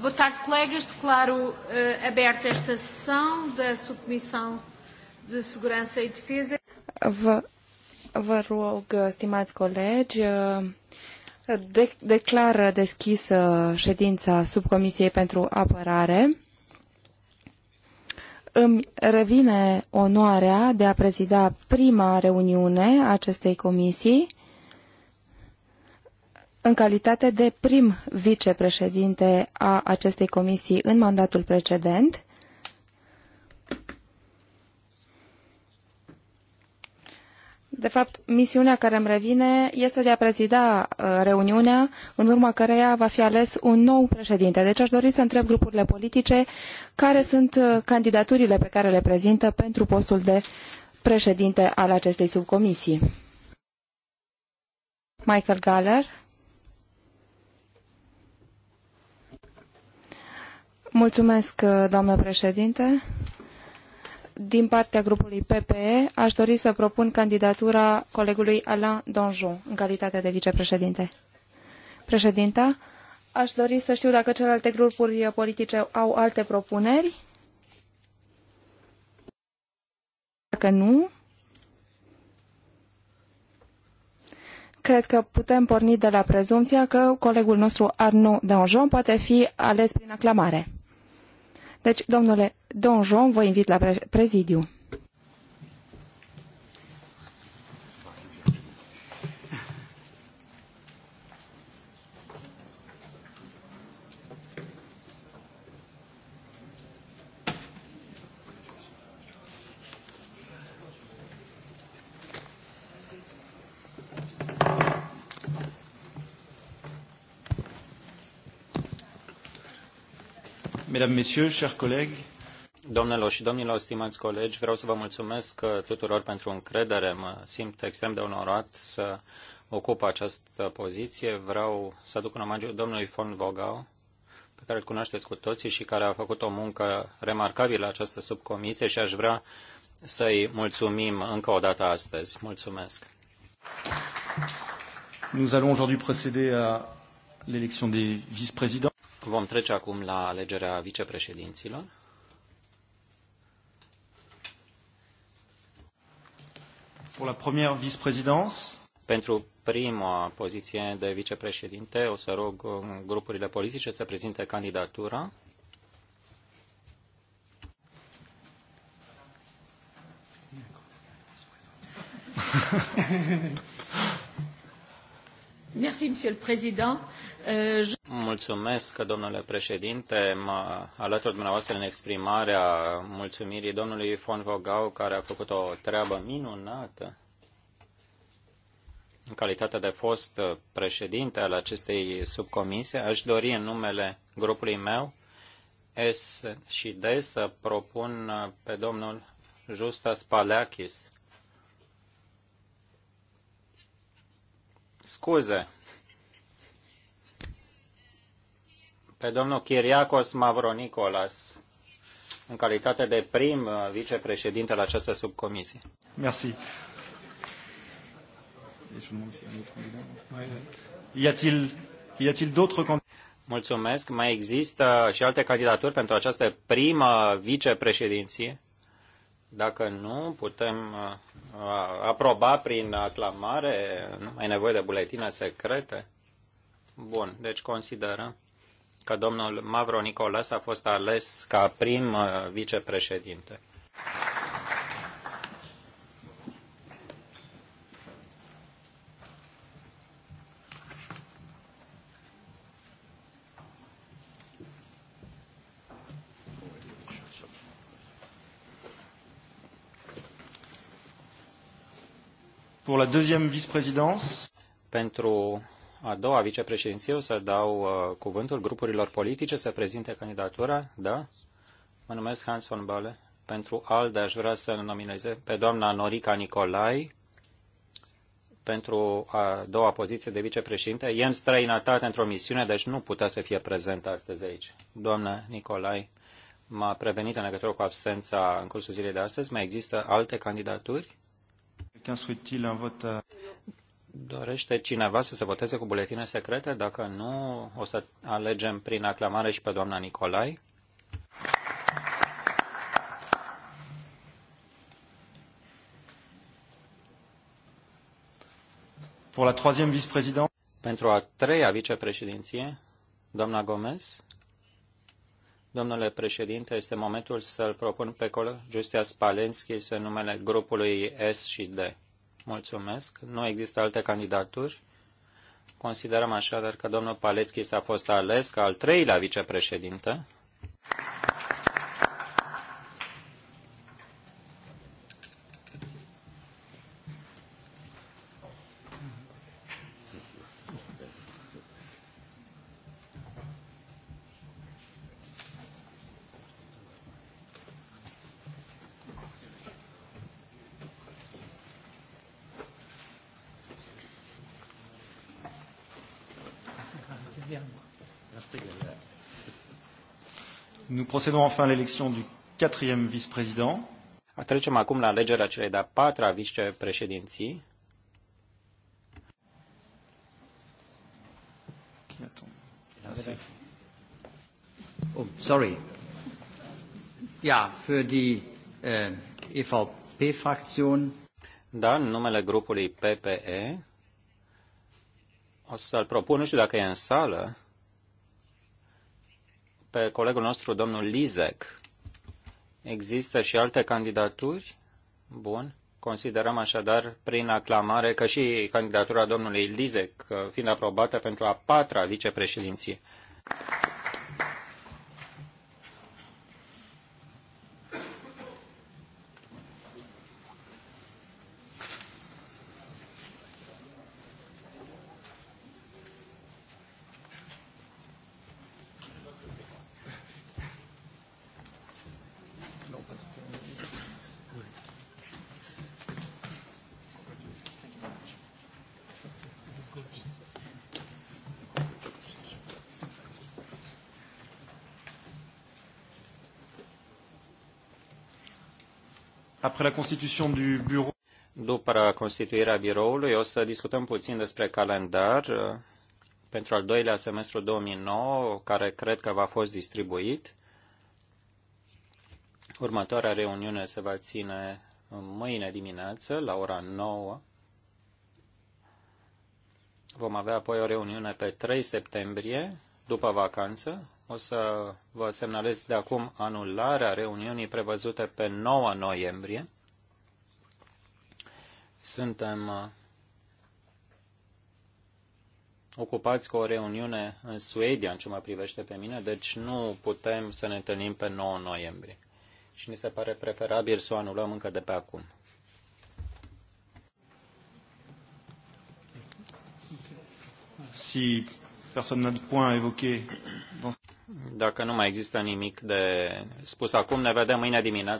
Boa tarde, colegas. Declaro uh, aberta esta sessão da Subcomissão de Segurança e Defesa. Vă, vă rog, stimați colegi, eh, de, declară deschisă ședința Subcomisiei pentru Apărare. Îmi revine onoarea de a prezida prima reuniune acestei comisii în calitate de prim vicepreședinte a acestei comisii în mandatul precedent, De fapt, misiunea care îmi revine este de a prezida uh, reuniunea, în urma căreia va fi ales un nou președinte. Deci aș dori să întreb grupurile politice care sunt uh, candidaturile pe care le prezintă pentru postul de președinte al acestei subcomisii. Michael Galler. Mulțumesc, uh, doamnă președinte. Din partea grupului PPE, aș dori să propun candidatura colegului Alain Donjon, în calitate de vicepreședinte. Președinta, aș dori să știu dacă celelalte grupuri politice au alte propuneri. Dacă nu, cred că putem porni de la prezumția că colegul nostru Arnaud Danjon poate fi ales prin aclamare. Deci, domnule Donjon, vă invit la prezidiu. mesdames, messieurs, chers collègues. Domnilor și domnilor, stimați colegi, vreau să vă mulțumesc uh, tuturor pentru încredere. Mă simt extrem de onorat să ocup această poziție. Vreau să aduc un omagiu domnului Von Vogau, pe care îl cunoașteți cu toții și care a făcut o muncă remarcabilă această subcomisie și aș vrea să-i mulțumim încă o dată astăzi. Mulțumesc. Nous allons aujourd'hui procéder à l'élection des vice Vom trece acum la alegerea vicepreședinților. Pour la première vice-présidence. Pentru prima poziție de vicepreședinte, o să rog uh, grupurile politice să prezinte candidatura. Merci, Monsieur le Président. Euh, je... Mulțumesc, domnule președinte. Mă alătur dumneavoastră în exprimarea mulțumirii domnului Von Vogau, care a făcut o treabă minunată în calitate de fost președinte al acestei subcomisii. Aș dori în numele grupului meu S și D să propun pe domnul Justas Paleachis. Scuze, pe domnul Kiriakos Mavronicolas în calitate de prim uh, vicepreședinte la această subcomisie. Merci. Y a-t-il d'autres Mulțumesc. Mai există și alte candidaturi pentru această primă vicepreședinție? Dacă nu, putem uh, aproba prin aclamare. Nu mai e nevoie de buletine secrete. Bun, deci considerăm că domnul Mavro Nicolas a fost ales ca prim uh, vicepreședinte. Pour la deuxième vice-présidence. Pentru a doua vicepreședinție, o să dau uh, cuvântul grupurilor politice să prezinte candidatura. Da? Mă numesc Hans von Bale. Pentru ALDE aș vrea să nomineze pe doamna Norica Nicolai pentru a doua poziție de vicepreședinte. E în străinătate într-o misiune, deci nu putea să fie prezent astăzi aici. Doamna Nicolai m-a prevenit în legătură cu absența în cursul zilei de astăzi. Mai există alte candidaturi? Dorește cineva să se voteze cu buletine secrete? Dacă nu, o să alegem prin aclamare și pe doamna Nicolai. Pour la troisième vice Pentru a treia vicepreședinție, doamna Gomez. Domnule președinte, este momentul să-l propun pe colegiul Justia Spalenski în numele grupului S și D. Mulțumesc. Nu există alte candidaturi. Considerăm așadar că domnul Palețchi s-a fost ales ca al treilea vicepreședinte Nous procédons enfin à l'élection du quatrième vice-président. Trecem acum la alegerea celei de-a patra vicepreședinții. Oh, sorry. Ja, für die äh, EVP-Fraktion. Da, în numele grupului PPE, o să-l propun, nu știu dacă e în sală, pe colegul nostru, domnul Lizek, Există și alte candidaturi? Bun. Considerăm așadar prin aclamare că și candidatura domnului Lizek fiind aprobată pentru a patra vicepreședinție. Après la constitution du bureau... După constituirea biroului, o să discutăm puțin despre calendar uh, pentru al doilea semestru 2009, care cred că va fost distribuit. Următoarea reuniune se va ține mâine dimineață, la ora 9. Vom avea apoi o reuniune pe 3 septembrie, după vacanță, o să vă semnalez de acum anularea reuniunii prevăzute pe 9 noiembrie. Suntem uh, ocupați cu o reuniune în Suedia, în ce mă privește pe mine, deci nu putem să ne întâlnim pe 9 noiembrie. Și mi se pare preferabil să o anulăm încă de pe acum. Si personne n'a de point à évoquer dans dacă nu mai există nimic de spus acum, ne vedem mâine dimineață.